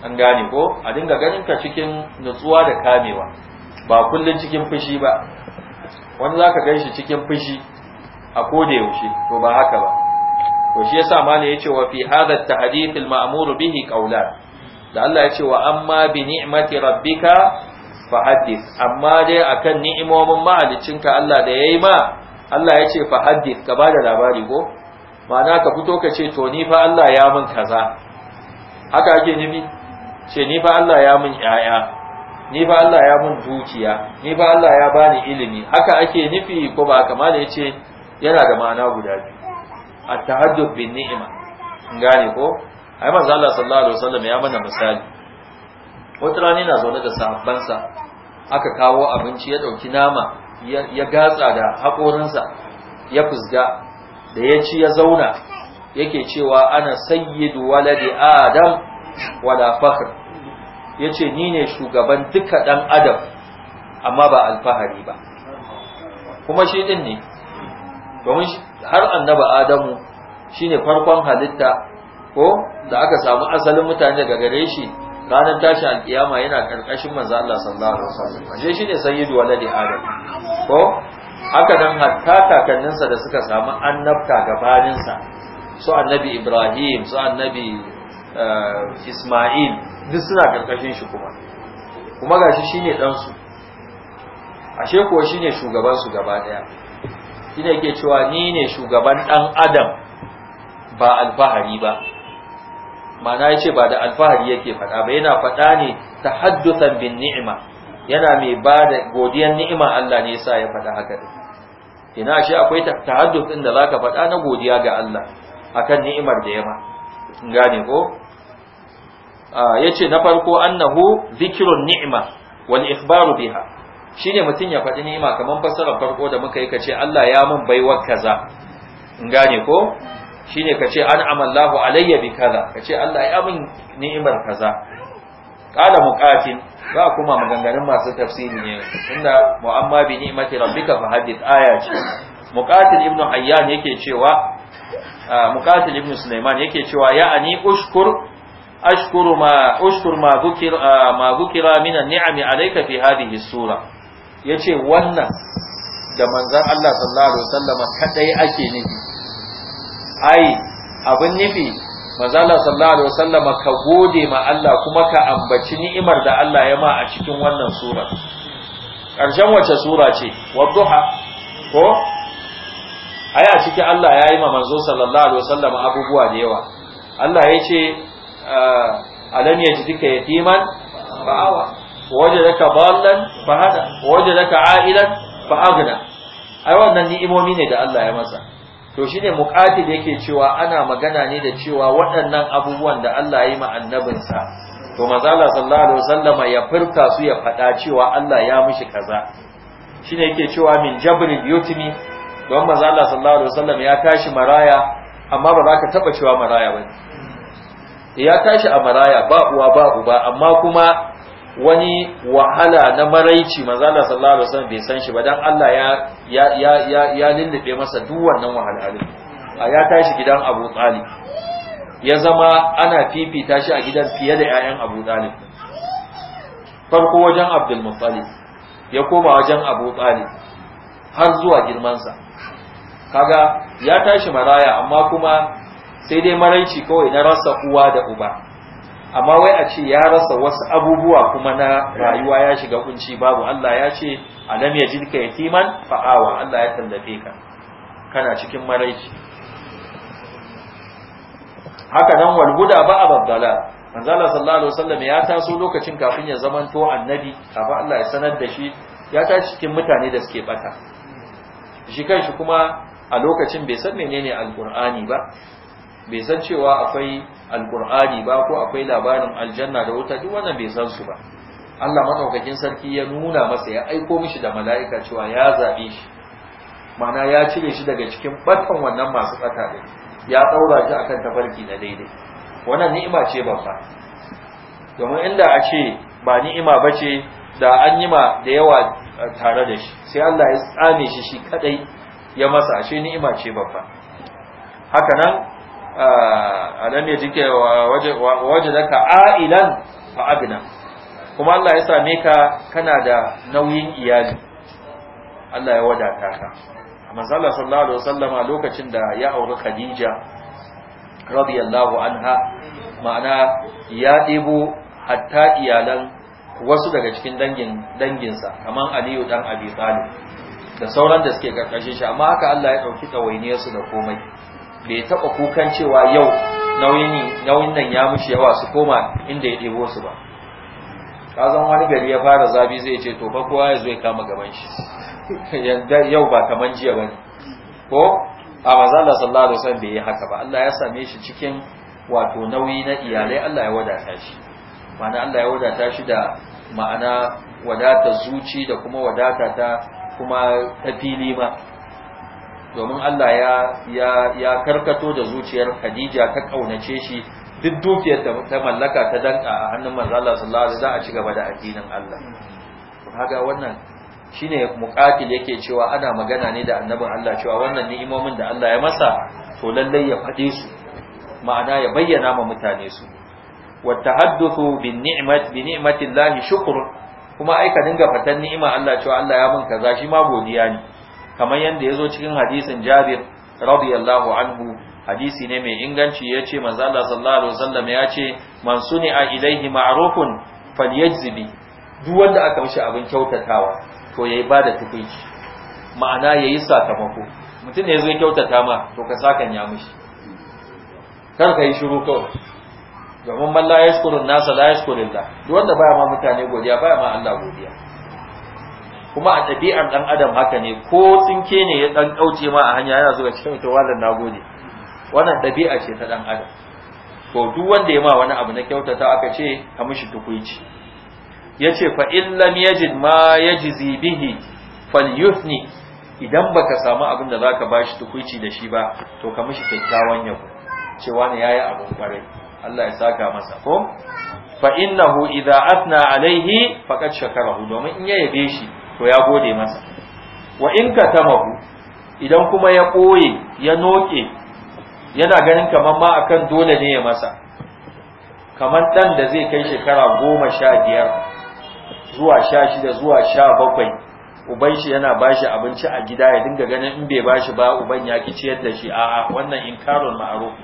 Speaker 1: an gane ko a dinga ganin ka cikin nutsuwa da kamewa ba kullun cikin fushi ba wani zaka shi cikin fushi a koda yaushe to ba haka ba to shi yasa malai yace wa fi hadha at-tahdith bihi qawla da Allah yace wa amma bi ni'mati rabbika fa hadith amma dai akan ni'imomin mahaliccinka Allah da yayi ma Allah yace fa hadith ka bada labari ko ma'ana ka fito ka ce to ni fa Allah ya min kaza haka ake nufi ce ni fa Allah ya min ƴaƴa ni fa Allah ya min dukiya ni fa Allah ya bani ilimi haka ake nufi ko ba haka mala yace yana da ma'ana guda biyu at-tahaddud bin ni'ma gane ko ai manzo Allah sallallahu alaihi wasallam ya mana misali wata rana yana zaune da sahabbansa aka kawo abinci ya dauki nama ya gatsa da haƙorinsa ya fusga da ya ci ya zauna yake cewa ana sayyidu waladi adam wala fakhr yace ni ne shugaban duka dan adam amma ba alfahari ba kuma shi din ne domin har annaba adamu shine farkon halitta ko da aka samu asalin mutane daga gare shi ranar tashin alkiyama yana karkashin manzo Allah sallallahu alaihi wasallam shi ne sayyidu waladi adam ko haka nan hatta kakanninsa da suka samu annabta gabaninsa su annabi ibrahim su annabi eh, isma'il duk suna karkashin shi kuma kuma gashi shine ɗansu ashe kuwa shine shugabansu gaba ɗaya shine yake cewa ni ne shugaban ɗan adam ba alfahari ba ma'ana yace ba da alfahari yake faɗa ba yana faɗa ne tahaddusan bin ni'ima yana mai ba da godiyar ni'ima Allah ne yasa ya faɗa haka din ina shi akwai tahaddud din da zaka faɗa na godiya ga Allah akan ni'imar da ya ba gane ko yace na farko annahu zikrun ni'ma wal ikhbaru biha shine mutun ya faɗi ni'ima kaman fasarar farko da muka yi kace Allah ya mun baiwar kaza gane ko shine kace an'ama Allahu alayya bi kaza kace Allah ya mun ni'imar kaza qala muqatin za kuma maganganun masu tafsiri ne inda mu'amma bi ni'mati rabbika fa hadith aya ce muqatil ibnu hayyan yake cewa muqatil ibnu sulaiman yake cewa ya'ani ushkur ashkuru ma ushkur ma dhukira ma dhukira min an-ni'ami alayka fi hadhihi sura yace wannan da manzon Allah sallallahu alaihi wasallama kadai ake nufi ai abin nufi manzala sallallahu alaihi wasallama ka gode ma Allah kuma ka ambaci ni'imar da Allah ya ma a cikin wannan sura ƙarshen wace sura ce wadduha ko ai a cikin Allah ya yi ma manzo sallallahu alaihi wasallama abubuwa da yawa Allah ya ce ah, alam yajidika yatiman fa'awa wajadaka dallan fahada wajadaka a'ilan fa'aghna ai wannan ni'imomi ne da Allah ya masa to shine muqatil yake cewa ana magana ne da cewa waɗannan abubuwan da Allah ya yi ma annabinsa to manzo Allah sallallahu alaihi wasallama ya furta su ya faɗa cewa Allah ya mishi kaza shine yake cewa min jabril yutmi don manzo Allah sallallahu alaihi wasallam ya tashi maraya amma ba za ka taba cewa maraya ba ya tashi a maraya ba uwa ba uba amma kuma
Speaker 2: wani wahala na maraici manzala sallallahu alaihi wasallam bai san shi ba dan Allah ya ya ya ya lullube masa duk wannan wahalhalin a ya tashi gidan
Speaker 1: Abu Talib ya zama ana fifita shi a gidan fiye da ƴaƴan Abu Talib farko wajen Abdul Muttalib ya koma wajen Abu Talib har zuwa girman sa kaga ya tashi maraya amma kuma sai dai maraici kawai na rasa uwa da uba amma wai a ce ya rasa wasu abubuwa kuma na rayuwa ya shiga kunci babu Allah ya ce alam ya yajidka yatiman fa'awa Allah ya tallafe ka kana cikin maraici haka nan wal guda ba abdalla manzala sallallahu alaihi wasallam ya taso lokacin kafin ya zamanto annabi kafin Allah ya sanar da shi ya tashi cikin mutane da suke bata shi kanshi kuma a lokacin bai san menene alqur'ani ba bai san cewa akwai alkur'ani ba ko akwai labarin aljanna da wuta duk wannan bai san su ba Allah madaukakin sarki ya nuna masa ya aiko mishi da mala'ika cewa ya zabe shi mana ya cire shi daga cikin barkan wannan masu tsaka din ya daura shi akan tafarki na daidai wannan ni'ima ce babba domin inda a ce ba ni'ima ba ce, da an yi ma da yawa tare da shi sai Allah ya tsame shi shi kadai ya masa ashe ni'ima ce babba haka nan alam ah, ne jike waje ailan fa abina kuma Allah ya same ka kana da nauyin iyali Allah ya wadata ka manzala sallallahu alaihi wasallama lokacin da ya auri Khadija radiyallahu anha ma'ana ya ɗebo hatta iyalan wasu daga cikin dangin danginsa kaman Aliyu dan Abi Talib da sauran da suke karkashin shi amma haka Allah ya dauki tawainiyar su da komai bai taɓa kukan cewa yau nauyin nan ya mushi yawa su koma inda ya ɗebo su ba ka zan wani gari ya fara zabi zai ce to ba kowa ya zo ya kama gaban shi yau ba kaman jiya ba ne ko a mazala sallallahu alaihi wasallam bai yi haka ba Allah ya same shi cikin wato nauyi na iyalai Allah ya wadata shi ma'ana Allah ya wadata shi da ma'ana wadata zuci da kuma wadata ta kuma ta fili ma domin Allah ya karkato da zuciyar Khadija ta kaunace shi duk dukiyar da ta mallaka ta danka a hannun manzo Allah sallallahu alaihi wasallam za a ci gaba da addinin Allah kaga wannan shine muqatil yake cewa ana magana ne da annabin Allah cewa wannan ni'imomin da Allah ya masa to lalle ya fade su ma'ana ya bayyana ma mutane su wa tahaddathu bin ni'mat bi ni'matillahi shukr kuma ai ka dinga fatan ni'ima Allah cewa Allah ya mun kaza shi ma godiya ne kamar yadda ya zo cikin hadisin jabir radiyallahu anhu hadisi ne mai inganci ya ce manzo Allah sallallahu alaihi wasallam ya ce man a ilaihi ma'rufun falyajzibi duk wanda aka mishi abin kyautatawa to yayi bada tukunci ma'ana yayi sakamako mutum ne zai kyautata ma to ka saka ya mishi kar ka yi shiru kawai domin man la yashkurun nasa la yashkurilla duk wanda baya ma mutane godiya baya ma Allah godiya kuma a ɗabi'ar ɗan adam haka ne ko tsinke ne ya ɗan ɗauce ma a hanya yana zuwa cikin to wannan gode wannan ɗabi'a ce ta ɗan adam to duk wanda ya ma wani abu na kyautata aka ce ka mishi tukuici ce fa in yajid ma yajzi bihi falyuthni idan baka samu abin da zaka bashi tukuici da shi ba to ka mishi kyakkyawan yabo cewa ne yayi abu kwarai Allah ya saka masa ko fa innahu idza athna alaihi faqad shakarahu domin in ya yabe shi to ya gode masa wa in ka tamahu idan kuma ya ɓoye ya noke yana ganin kamar ma akan dole ne ya masa kamar ɗan da zai kai shekara goma sha biyar
Speaker 2: zuwa sha shida zuwa sha bakwai uban shi yana bashi abinci a gida ya dinga ganin in bai bashi ba uban ya ki ciyar da shi a'a wannan in karon
Speaker 1: ma'ruf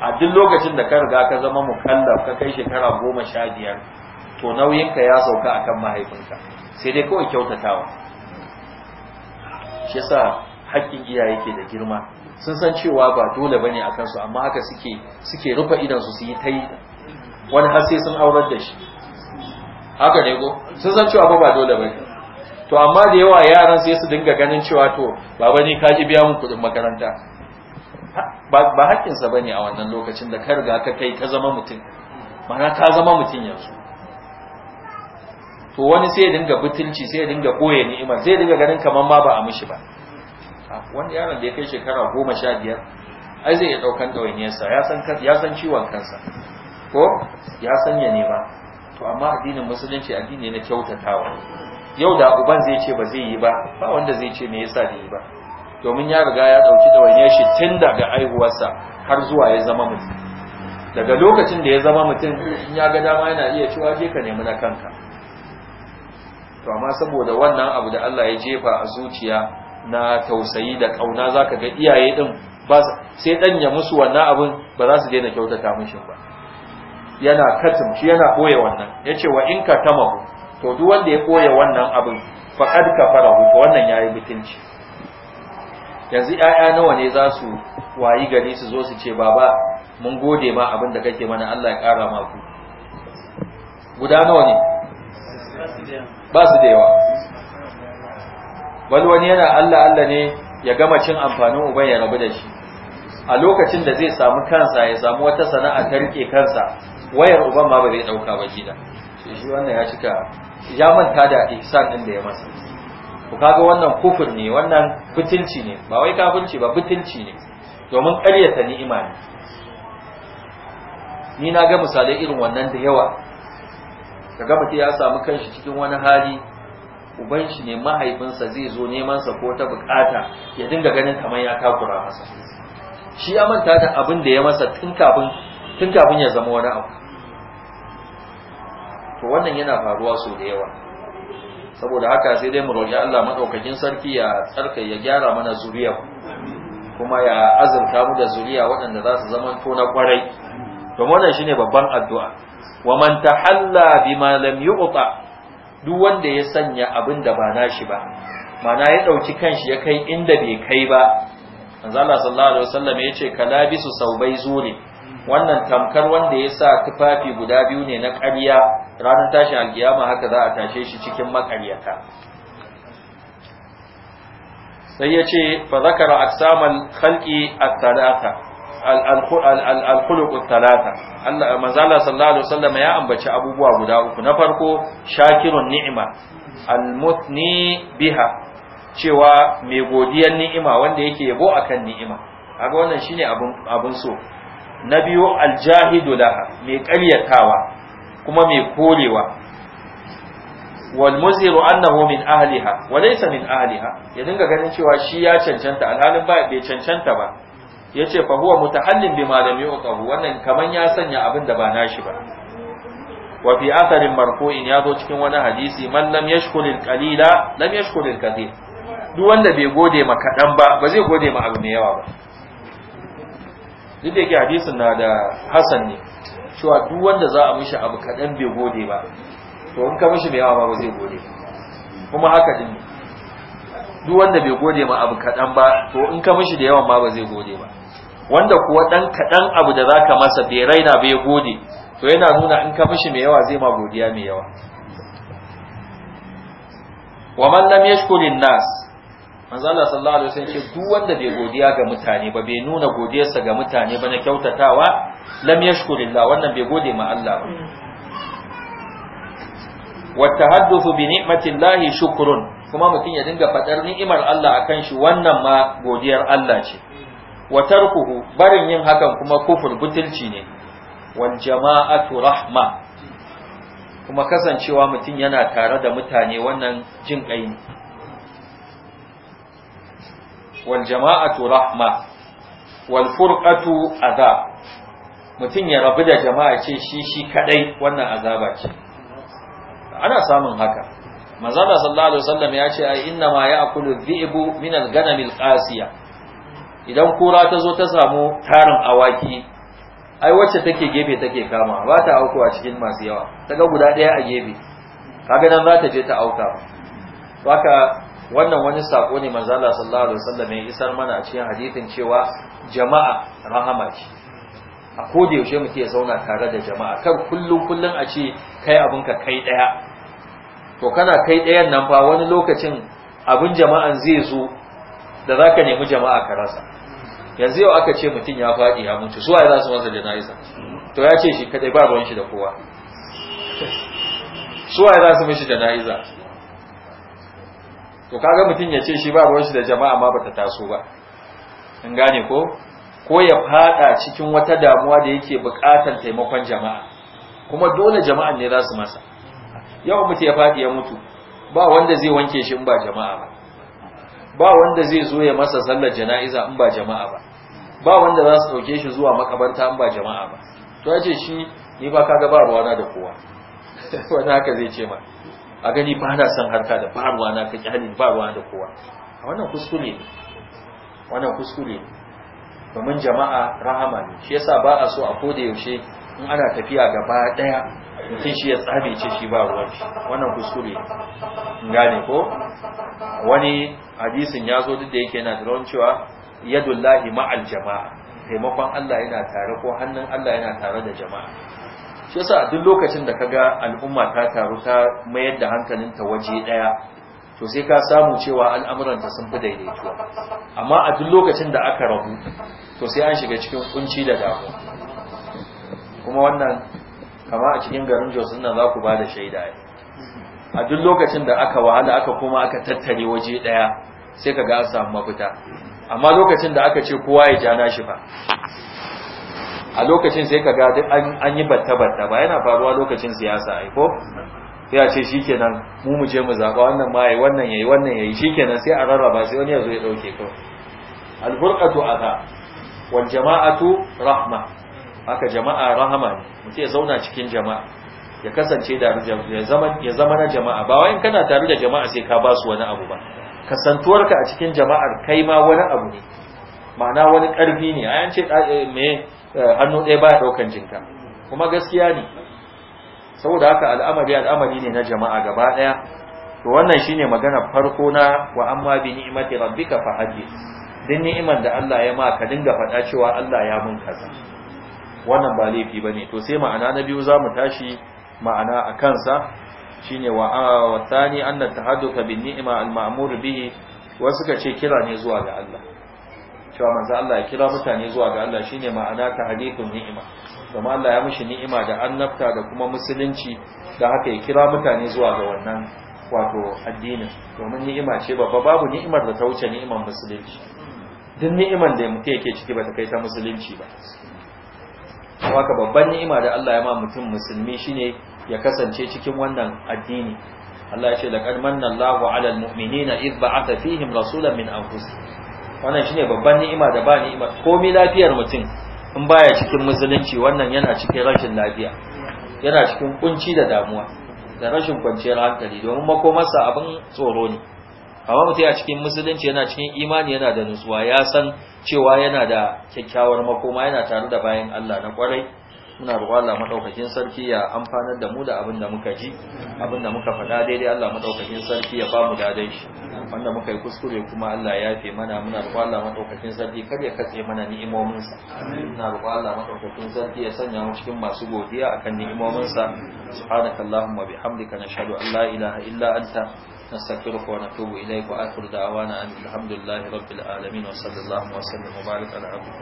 Speaker 1: a duk lokacin da ka riga ka zama mukallaf ka kai shekara goma sha biyar to nauyinka ya sauka akan mahaifinka sai dai kawai kyautatawa shi yasa haƙƙin iyaye ke da girma sun san cewa ba dole bane akan su amma haka suke suke rufe idan su yi tai wani har sai sun aurar da shi haka ne go sun san cewa ba dole bane to amma da yawa yaran sai su dinga ganin cewa to baba ni ka biya mun kuɗin makaranta ba haƙƙinsa bane a wannan lokacin da ka riga ka kai ka zama mutum ma'ana ka zama mutum yanzu to wani sai ya dinga butulci sai ya dinga boye ni'ima sai ya dinga ganin kamar ma ba a mishi ba wani yaron da ya kai shekara goma sha biyar ai zai iya ɗaukan ɗawainiyarsa ya san ciwon kansa ko ya san ya nema to amma addinin musulunci addini na kyautatawa yau da uban zai ce ba zai yi ba ba wanda zai ce me yasa da yi ba domin ya riga ya ɗauki ɗawainiyar shi tun daga aihuwarsa har zuwa ya zama mutum daga lokacin da ya zama mutum in ya ga dama yana iya cewa je ka nemi na kanka to amma saboda wannan abu da Allah ya jefa a zuciya na tausayi da kauna zaka ga iyaye din ba sai dan ya musu wannan abin ba za su daina kyautata mishi ba yana katim shi yana boye wannan yace wa in ka tamahu to duk wanda ya boye wannan abin faqad kafarahu to wannan yayi bitinci yanzu 'ya'ya nawa ne za su wayi gari su zo su ce baba mun gode ma abin da kake mana Allah ya kara maku guda nawa ne ba su da yawa wani wani yana Allah Allah ne ya gama cin amfanin uban ya rabu da shi a lokacin da zai samu kansa ya samu wata sana'a ta rike kansa wayar uban ma ba zai dauka ba gida shi wannan ya cika ya manta da ihsan din da ya masa ku kaga wannan kufur ne wannan butulci ne ba wai kafirci ba butulci ne domin ƙaryata ni'ima ne ni na ga misalai irin wannan da yawa kaga mutum ya samu kanshi cikin wani hali uban shi ne mahaifinsa zai zo neman sa ko ta bukata ya dinga ganin kamar ya takura masa shi ya manta da abin da ya masa tun kafin ya zama wani abu to wannan yana faruwa so da yawa saboda haka sai dai mu roƙi Allah madaukakin sarki ya tsarka ya gyara mana zuriya kuma ya azurta mu da zuriya waɗanda za su zama to na kwarai domin wannan shine babban addu'a wa man tahalla bima lam yu'ta duk wanda ya sanya abin da ba nashi ba mana ya dauki kanshi ya kai inda bai kai ba manzo Allah sallallahu alaihi wasallam yace kalabisu saubai zuri wannan tamkar wanda ya sa tufafi guda biyu ne na ƙarya ranar tashin alkiyama haka za a tashe shi cikin makaryata sai ya ce fa zakara aksamal khalqi at-talata al-khuluqut talata Allah manzala sallallahu alaihi wasallam ya ambaci abubuwa guda uku na farko shakirun ni'ima al-mutni biha cewa mai godiyar ni'ima wanda yake yabo akan ni'ima kaga wannan shine abun abun so na biyu al-jahidu laha mai karyatawa kuma mai korewa walmuziru annahu min ahliha wa min ahliha ya dinga ganin cewa shi ya cancanta alhalin ba bai cancanta ba yace fa huwa mutahallin bima lam yuqahu wannan kaman ya sanya abin da ba nashi ba wa fi atharin marfu'in ya zo cikin wani hadisi man lam yashkuril qalila lam yashkuril kathir duk wanda bai gode ma kadan ba ba zai gode ma abu mai yawa ba duk da yake hadisin na da hasan ne cewa duk wanda za a mishi abu kadan bai gode ba to in ka mishi mai yawa ba ba zai gode kuma haka din duk wanda bai gode ma abu kadan ba to in ka mishi da yawan ma ba zai gode ba wanda kuwa dan kaɗan abu da zaka masa bai raina bai gode to yana nuna in ka mishi mai yawa zai ma godiya mai yawa wa man lam nas manzo Allah sallallahu alaihi wasallam ce duk wanda bai godiya ga mutane ba bai nuna godiyarsa ga mutane ba na kyautatawa lam yashkurillah wannan bai gode ma Allah ba wa tahaddathu bi ni'matillahi shukrun kuma mutum ya dinga fadar ni'imar Allah akan shi wannan ma godiyar Allah ce wa tarkuhu barin yin hakan kuma kufur butulci ne wal jama'atu rahma kuma kasancewa mutum yana tare da mutane wannan jin kai wal jama'atu rahma wal furqatu azab mutum ya rabu da jama'a ce shi shi kadai wannan azaba ce ana samun haka manzo sallallahu alaihi wasallam ya ce ai inna ma ya'kulu dhi'bu min al-ghanam al idan kura ta zo ta samu tarin awaki ai wacce take gefe take kama ba ta a cikin masu yawa ta ga guda ɗaya a gefe kaga nan za ta je ta auka ba haka wannan wani sako ne manzo Allah sallallahu alaihi wasallam ya isar mana a cikin hadisin cewa jama'a rahama ce a koda yaushe muke zauna tare da jama'a kar kullun kullun a ce kai abin ka kai daya to kana kai dayan nan fa wani lokacin abin jama'an zai zo da zaka nemi jama'a ka rasa yanzu yau aka ce mutum ya faɗi ya mutu suwaye za su masa jana'iza to ya ce shi kadai ba ruwan shi da kowa suwaye za su mishi jana'iza to kaga mutum ya ce shi ba ruwan shi da jama'a ma bata taso ba in gane ko ko ya faɗa cikin wata damuwa da yake buƙatar taimakon jama'a kuma dole jama'an ne za su masa yawan mutu ya faɗi ya mutu ba wanda zai wanke shi in ba jama'a ba ba wanda zai zo ya masa sallar jana'iza in ba jama'a ba ba wanda za su dauke shi zuwa makabarta in ba jama'a ba to ya ce shi ni ba kaga ba ruwana da kowa wani haka zai ce ma a gani ba na son harka da ba ruwana ka kyalin ba ruwana da kowa a wannan kuskure ne wannan kuskure ne domin jama'a rahama ne shi yasa ba a so a koda yaushe in ana tafiya gaba daya mutum shi ya tsabe ce shi ba ruwan shi wannan kuskure gane ko wani hadisin ya zo duk da yake yana da cewa yadullahi ma'al jama'a taimakon Allah yana tare ko hannun Allah yana tare da jama'a shi yasa duk lokacin da kaga al'umma ta taru ta mayar da hankalin ta waje daya to sai ka samu cewa al'amuranta sun fi daidaituwa amma a duk lokacin da aka rabu to sai an shiga cikin kunci da damu kuma wannan kama a cikin garin Jos nan za ku ba da shaida ne. a duk lokacin da aka wahala aka kuma aka tattare waje daya sai ga an samu mafita amma lokacin da aka ce kowa ya ja nashi ba a lokacin sai ga duk an yi batta batta ba yana faruwa lokacin siyasa a ko sai a ce shikenan mu mu je mu zaɓa wannan ma yi, wannan yi wannan yayi shikenan sai a rarraba sai wani ya zo ya dauke ko al-furqatu adha wal jama'atu rahma haka jama'a rahama ne mutum ya zauna cikin jama'a ya kasance da ya zama na jama'a ba wayan kana tare da jama'a sai ka ba su wani abu ba kasantuwarka a cikin jama'ar kai ma wani abu ne ma'ana wani karfi ne a yance ah, eh, me eh, hannu ɗaya baya ɗaukan jinka kuma gaskiya ne saboda haka al'amari al'amari ne na jama'a gaba ɗaya to wannan shine magana farko na wa amma bi ni'mati rabbika fa hadith din ni'iman da Allah ya ma ka dinga faɗa cewa Allah ya mun kaza wannan ba laifi ba ne to sai ma'ana na biyu za mu tashi ma'ana a kansa shi ne wa tsani an na ta bin ni'ima al-ma'amur bihi wasu ka ce kira ne zuwa ga Allah cewa manzo Allah ya kira mutane zuwa ga Allah shine ma'ana ta hadithun ni'ima kuma Allah ya mushi ni'ima da annabta da kuma musulunci da haka ya kira mutane zuwa ga wannan wato addinin domin ni'ima ce babba babu ni'imar da ta wuce ni'imar musulunci duk ni'imar da mutum yake ciki ba ta kai ta musulunci ba haka babban ni'ima da Allah ya ma mutum musulmi shine ya kasance cikin wannan addini Allah ya ce laqad manna Allahu 'alal mu'minina idh ba'atha fihim rasulan min anfusih wannan shine babban ni'ima da ba ni'ima komai lafiyar mutum in baya cikin musulunci wannan yana cikin rashin lafiya yana cikin kunci da damuwa da rashin kwanciyar hankali domin makomarsa abin tsoro ne amma mutum a cikin musulunci yana cikin imani yana da nutsuwa ya san cewa yana da kyakkyawar makoma yana tare da bayan Allah na kwarai muna roƙon Allah madaukakin sarki ya amfanar da mu da abin da muka ji abin da muka faɗa daidai Allah madaukakin sarki ya bamu dadai shi wanda muka yi kuskure kuma Allah ya yafe mana muna roƙon Allah madaukakin sarki kar ya katse mana ni'imominsa muna roƙon Allah madaukakin sarki ya sanya mu cikin masu godiya akan ni'imominsa subhanakallahumma bihamdika nashhadu an la ilaha illa anta نستغفرك ونتوب إليك وآخر دعوانا أن الحمد لله رب العالمين وصلى الله وسلم وبارك على عبدك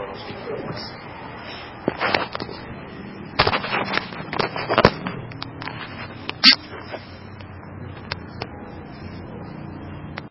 Speaker 1: ورسولك